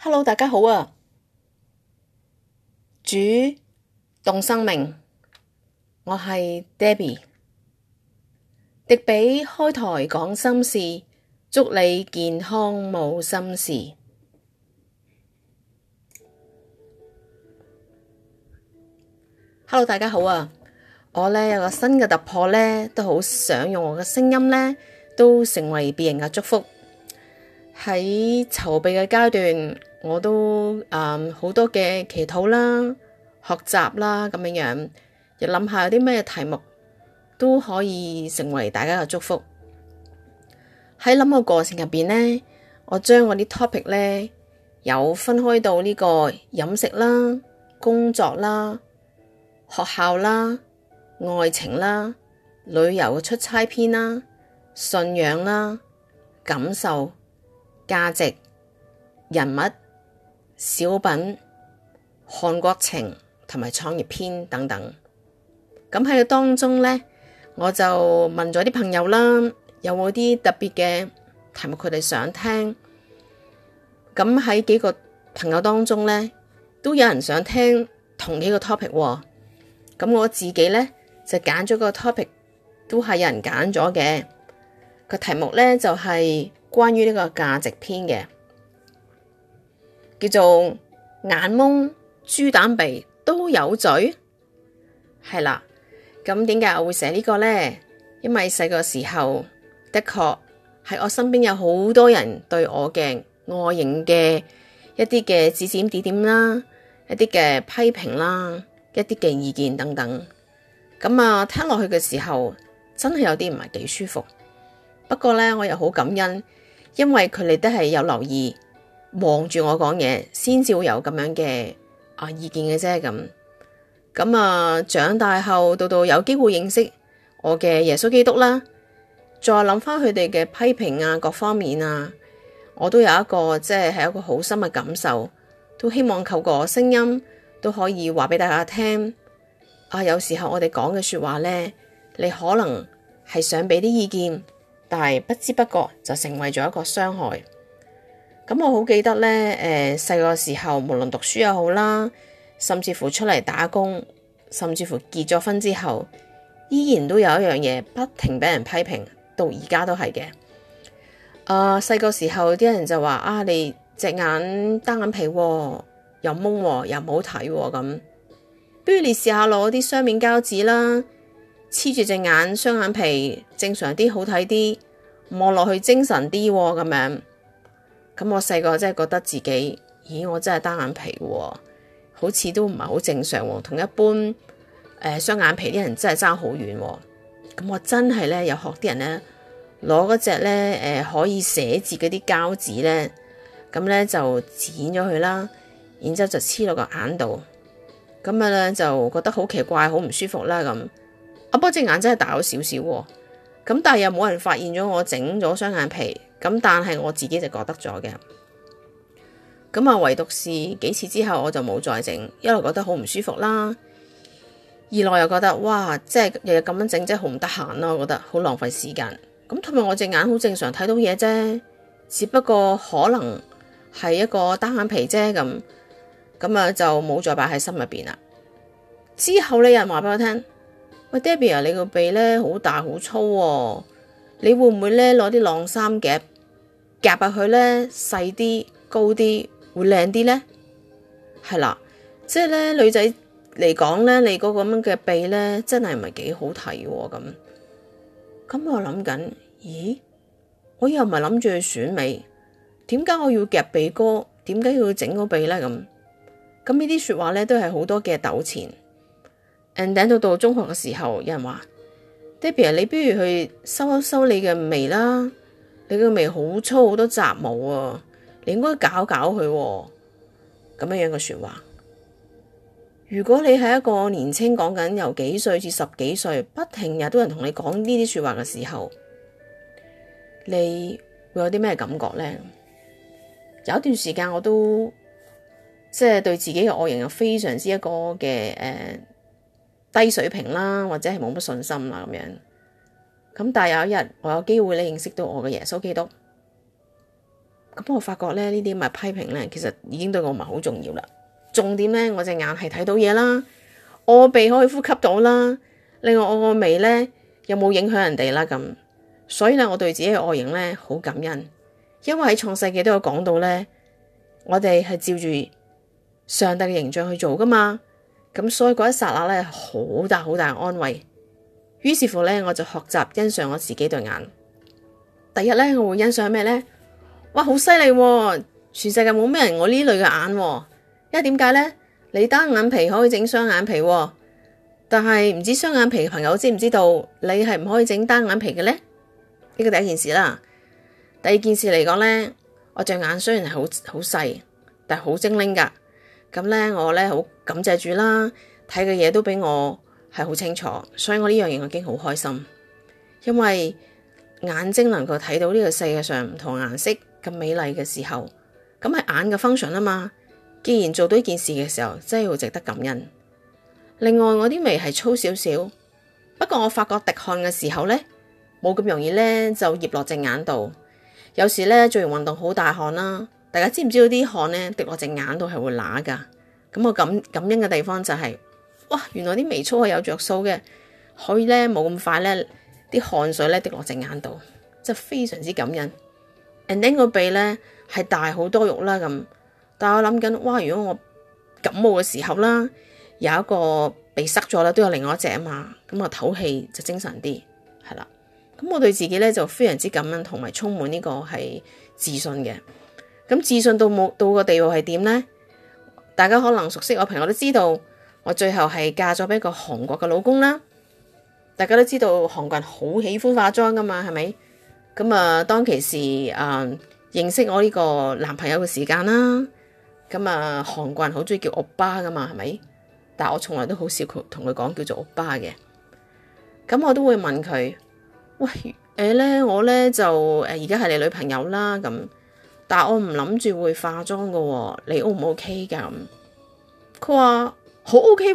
Hello，大家好啊！主動生命，我係 Debbie，迪比開台講心事，祝你健康冇心事。Hello，大家好啊！我呢有個新嘅突破，呢都好想用我嘅聲音，呢都成為別人嘅祝福。喺籌備嘅階段。我都誒、嗯、好多嘅祈禱啦、學習啦咁樣樣，又諗下有啲咩題目都可以成為大家嘅祝福。喺諗嘅過程入邊呢，我將我啲 topic 呢，有分開到呢個飲食啦、工作啦、學校啦、愛情啦、旅遊嘅出差篇啦、信仰啦、感受、價值、人物。小品、韓國情同埋創業篇等等，咁喺當中呢，我就問咗啲朋友啦，有冇啲特別嘅題目佢哋想聽？咁喺幾個朋友當中呢，都有人想聽同幾個 topic 喎、哦。咁我自己呢，就揀咗個 topic，都係有人揀咗嘅。個題目呢，就係、是、關於呢個價值篇嘅。叫做眼矇豬膽鼻都有罪，係啦。咁點解我會寫呢個呢？因為細個時候的確喺我身邊有好多人對我嘅外形嘅一啲嘅指指點點啦，一啲嘅批評啦，一啲嘅意見等等。咁啊，聽落去嘅時候真係有啲唔係幾舒服。不過呢，我又好感恩，因為佢哋都係有留意。望住我講嘢，先至會有咁樣嘅啊意見嘅啫。咁咁啊，長大後到到有機會認識我嘅耶穌基督啦，再諗翻佢哋嘅批評啊，各方面啊，我都有一個即係係一個好深嘅感受，都希望透過聲音都可以話俾大家聽。啊，有時候我哋講嘅說話呢，你可能係想俾啲意見，但係不知不覺就成為咗一個傷害。咁我好記得咧，誒、呃，細個時候無論讀書又好啦，甚至乎出嚟打工，甚至乎結咗婚之後，依然都有一樣嘢不停俾人批評，到而家都係嘅。啊，細個時候啲人就話啊，你隻眼單眼皮，哦，又矇，哦、又唔好睇咁，哦，不如你試下攞啲雙面膠紙啦，黐住隻眼，雙眼皮正常啲，好睇啲，望落去精神啲咁，哦、樣。咁我細個真係覺得自己，咦，我真係單眼皮嘅、啊，好似都唔係好正常喎、啊，同一般誒雙、呃、眼皮啲人真係爭好遠。咁我真係咧，有學啲人咧，攞嗰隻咧誒，可以寫字嗰啲膠紙咧，咁咧就剪咗佢啦，然之後就黐落個眼度。咁啊咧就覺得好奇怪，好唔舒服啦、啊、咁。不過隻眼真係大咗少少，咁但係又冇人發現咗我整咗雙眼皮。咁但係我自己就覺得咗嘅，咁啊唯獨是幾次之後我就冇再整，一路覺得好唔舒服啦，二來又覺得哇，即係日日咁樣整真係好唔得閒咯，我覺得好浪費時間。咁同埋我隻眼好正常睇到嘢啫，只不過可能係一個單眼皮啫，咁咁啊就冇再擺喺心入邊啦。之後咧人話俾我聽，喂 Debbie 啊，Debbie，你個鼻咧好大好粗喎。你會唔會咧攞啲晾衫夾夾入去咧細啲高啲會靚啲咧？係啦，即係咧，女仔嚟講咧，你嗰個咁嘅鼻咧真係唔係幾好睇咁、哦。咁我諗緊，咦？我又唔係諗住去選美，點解我要夾鼻哥？點解要整嗰鼻咧？咁咁呢啲說話咧都係好多嘅糾纏。and 等到到中學嘅時候，有人話。廸比，你不如去修一修你嘅眉啦，你嘅眉好粗好多雜毛啊，你應該搞搞佢咁、啊、樣樣嘅說話。如果你係一個年青，講緊由幾歲至十幾歲，不停日都有人同你講呢啲說話嘅時候，你會有啲咩感覺呢？有一段時間我都即係對自己嘅外形有非常之一個嘅誒。呃低水平啦，或者係冇乜信心啦，咁樣咁。但係有一日，我有機會咧，認識到我嘅耶穌基督。咁我發覺咧，呢啲咪批評咧，其實已經對我唔係好重要啦。重點咧，我隻眼係睇到嘢啦，我鼻可以呼吸到啦，另外我個眉咧有冇影響人哋啦。咁所以咧，我對自己嘅外形咧好感恩，因為喺創世記都有講到咧，我哋係照住上帝嘅形象去做噶嘛。咁所以嗰一剎那咧，好大好大嘅安慰。於是乎咧，我就學習欣賞我自己對眼。第一咧，我會欣賞咩咧？哇，好犀利！全世界冇咩人我呢類嘅眼啊。因為點解咧？你單眼皮可以整雙眼皮啊，但係唔知雙眼皮嘅朋友知唔知道，你係唔可以整單眼皮嘅咧？呢個第一件事啦。第二件事嚟講咧，我隻眼雖然係好好細，但係好精靈噶。咁咧，我咧好。感謝主啦，睇嘅嘢都俾我係好清楚，所以我呢樣嘢我已經好開心，因為眼睛能夠睇到呢個世界上唔同顏色咁美麗嘅時候，咁係眼嘅 function 啊嘛。既然做到呢件事嘅時候，真係會值得感恩。另外我啲眉係粗少少，不過我發覺滴汗嘅時候呢，冇咁容易呢就醃落隻眼度。有時呢，做完運動好大汗啦，大家知唔知道啲汗呢滴落隻眼度係會乸噶？咁我感感恩嘅地方就係、是，哇，原來啲眉粗係有着數嘅，可以咧冇咁快咧，啲汗水咧滴落隻眼度，真係非常之感恩。And then 個鼻咧係大好多肉啦，咁但係我諗緊，哇，如果我感冒嘅時候啦，有一個鼻塞咗啦，都有另外一隻啊嘛，咁我唞氣就精神啲，係啦。咁我對自己咧就非常之感恩，同埋充滿呢個係自信嘅。咁自信到冇到個地步係點咧？大家可能熟悉我，朋友都知道我最後係嫁咗俾一個韓國嘅老公啦。大家都知道韓國人好喜歡化妝噶嘛，係咪？咁啊，當其時誒、嗯，認識我呢個男朋友嘅時間啦，咁、嗯、啊，韓國人好中意叫歐巴噶嘛，係咪？但我從來都好少同佢講叫做歐巴嘅。咁、嗯、我都會問佢，喂，誒、欸、咧，我咧就誒而家係你女朋友啦，咁、嗯。但係我唔諗住會化妝噶、哦，你 O 唔 O K 噶？佢話好 O K，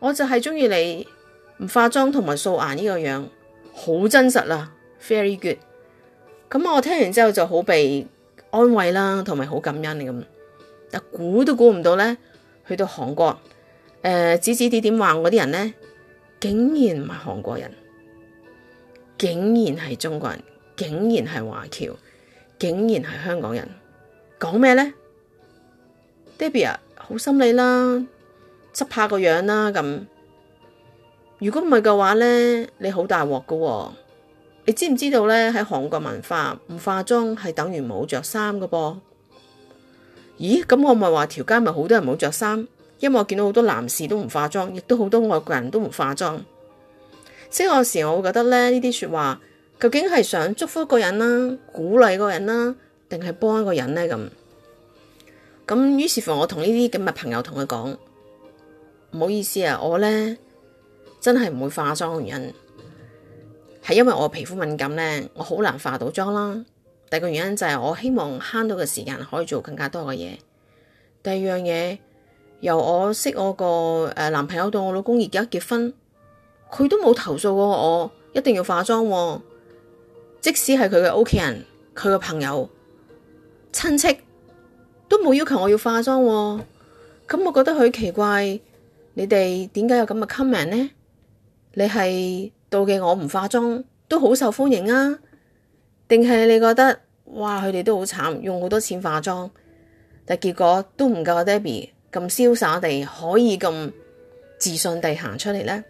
我就係中意你唔化妝同埋素顏呢個樣，好真實啦，very good。咁、嗯、我聽完之後就好被安慰啦，同埋好感恩咁。但估都估唔到呢，去到韓國，呃、指指點點話我啲人呢，竟然唔係韓國人，竟然係中國人，竟然係華僑。竟然係香港人，講咩呢 Debbie 啊，好心你啦，執下個樣啦咁。如果唔係嘅話呢，你好大鑊噶喎。你知唔知道呢？喺韓國文化，唔化妝係等於冇着衫噶噃。咦？咁我咪話條街咪好多人冇着衫，因為我見到好多男士都唔化妝，亦都好多外國人都唔化妝。即我有時我會覺得咧，呢啲說話。究竟係想祝福一個人啦、啊，鼓勵一個人啦、啊，定係幫一個人呢？咁咁，於是乎，我同呢啲咁嘅朋友同佢講，唔好意思啊，我呢，真係唔會化妝嘅原因係因為我皮膚敏感呢，我好難化到妝啦。第二個原因就係我希望慳到嘅時間可以做更加多嘅嘢。第二樣嘢由我識我個誒男朋友到我老公而家結婚，佢都冇投訴過我一定要化妝、啊。即使係佢嘅屋企人、佢嘅朋友、親戚，都冇要求我要化妝喎。咁我覺得佢奇怪，你哋點解有咁嘅 comment 呢？你係妒忌我唔化妝都好受歡迎啊？定係你覺得哇佢哋都好慘，用好多錢化妝，但結果都唔夠。Debbie 咁瀟灑地可以咁自信地行出嚟呢？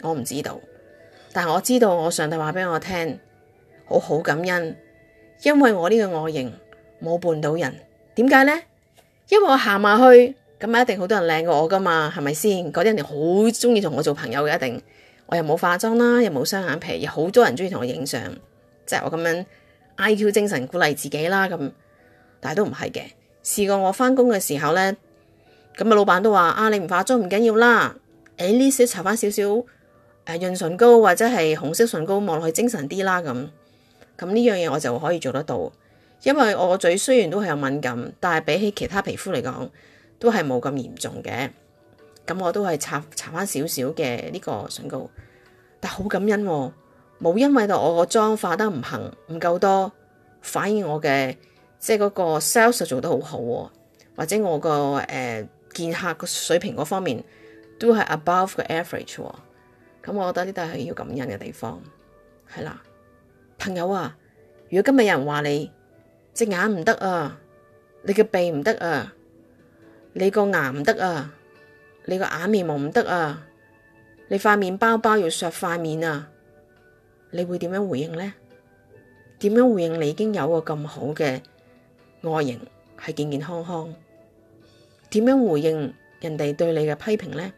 我唔知道。但我知道，我上帝話畀我聽。好好感恩，因為我呢個外形冇半到人，點解呢？因為我行埋去，咁啊一定好多人靚過我噶嘛，係咪先？嗰啲人哋好中意同我做朋友嘅，一定。我又冇化妝啦，又冇雙眼皮，又好多人中意同我影相，即係我咁樣 IQ 精神鼓勵自己啦。咁，但係都唔係嘅。試過我翻工嘅時候呢，咁啊老闆都話：啊你唔化妝唔緊要啦，誒呢少搽翻少少誒潤唇膏或者係紅色唇膏，望落去精神啲啦咁。咁呢樣嘢我就可以做得到，因為我個嘴雖然都係有敏感，但係比起其他皮膚嚟講，都係冇咁嚴重嘅。咁我都係搽搽翻少少嘅呢個唇膏，但好感恩、哦，冇因為到我個妝化得唔行唔夠多，反而我嘅即係嗰個 sales 做得好好、哦，或者我個誒、呃、見客個水平嗰方面都係 above the average、哦。咁我覺得呢都係要感恩嘅地方，係啦。朋友啊，如果今日有人話你隻眼唔得啊，你嘅鼻唔得啊，你個牙唔得啊，你個眼眉毛唔得啊，你塊面包包要削塊面啊，你會點樣回應呢？點樣回應你已經有個咁好嘅外形，係健健康康？點樣回應人哋對你嘅批評呢？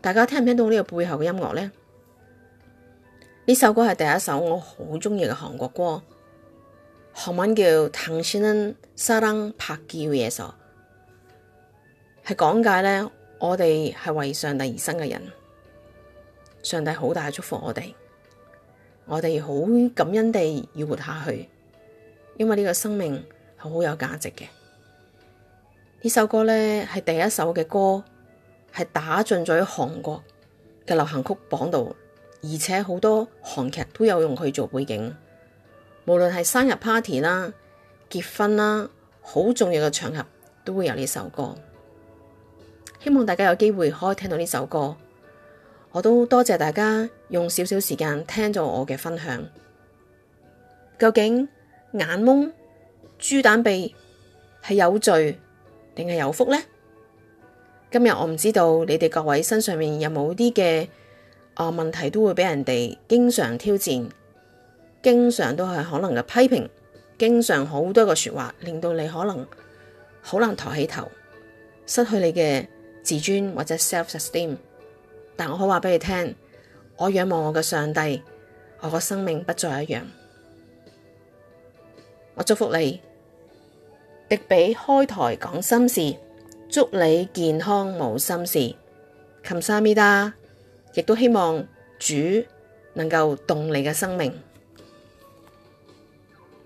大家聽唔聽到呢個背後嘅音樂呢？呢首歌係第一首我好鍾意嘅韓國歌，韓文叫《당신사랑바뀌면서》，係講解咧我哋係為上帝而生嘅人，上帝好大嘅祝福我哋，我哋好感恩地要活下去，因為呢個生命係好有價值嘅。呢首歌咧係第一首嘅歌，係打進咗喺韓國嘅流行曲榜度。而且好多韓劇都有用佢做背景，無論係生日 party 啦、結婚啦，好重要嘅場合都會有呢首歌。希望大家有機會可以聽到呢首歌。我都多謝大家用少少時間聽咗我嘅分享。究竟眼矇豬膽鼻係有罪定係有福呢？今日我唔知道你哋各位身上面有冇啲嘅。啊、哦！問題都會畀人哋經常挑戰，經常都係可能嘅批評，經常好多嘅説話令到你可能好難抬起頭，失去你嘅自尊或者 self esteem。但我可話畀你聽，我仰望我嘅上帝，我個生命不再一樣。我祝福你，迪比開台講心事，祝你健康冇心事。Kam Samida 亦都希望主能夠動你嘅生命。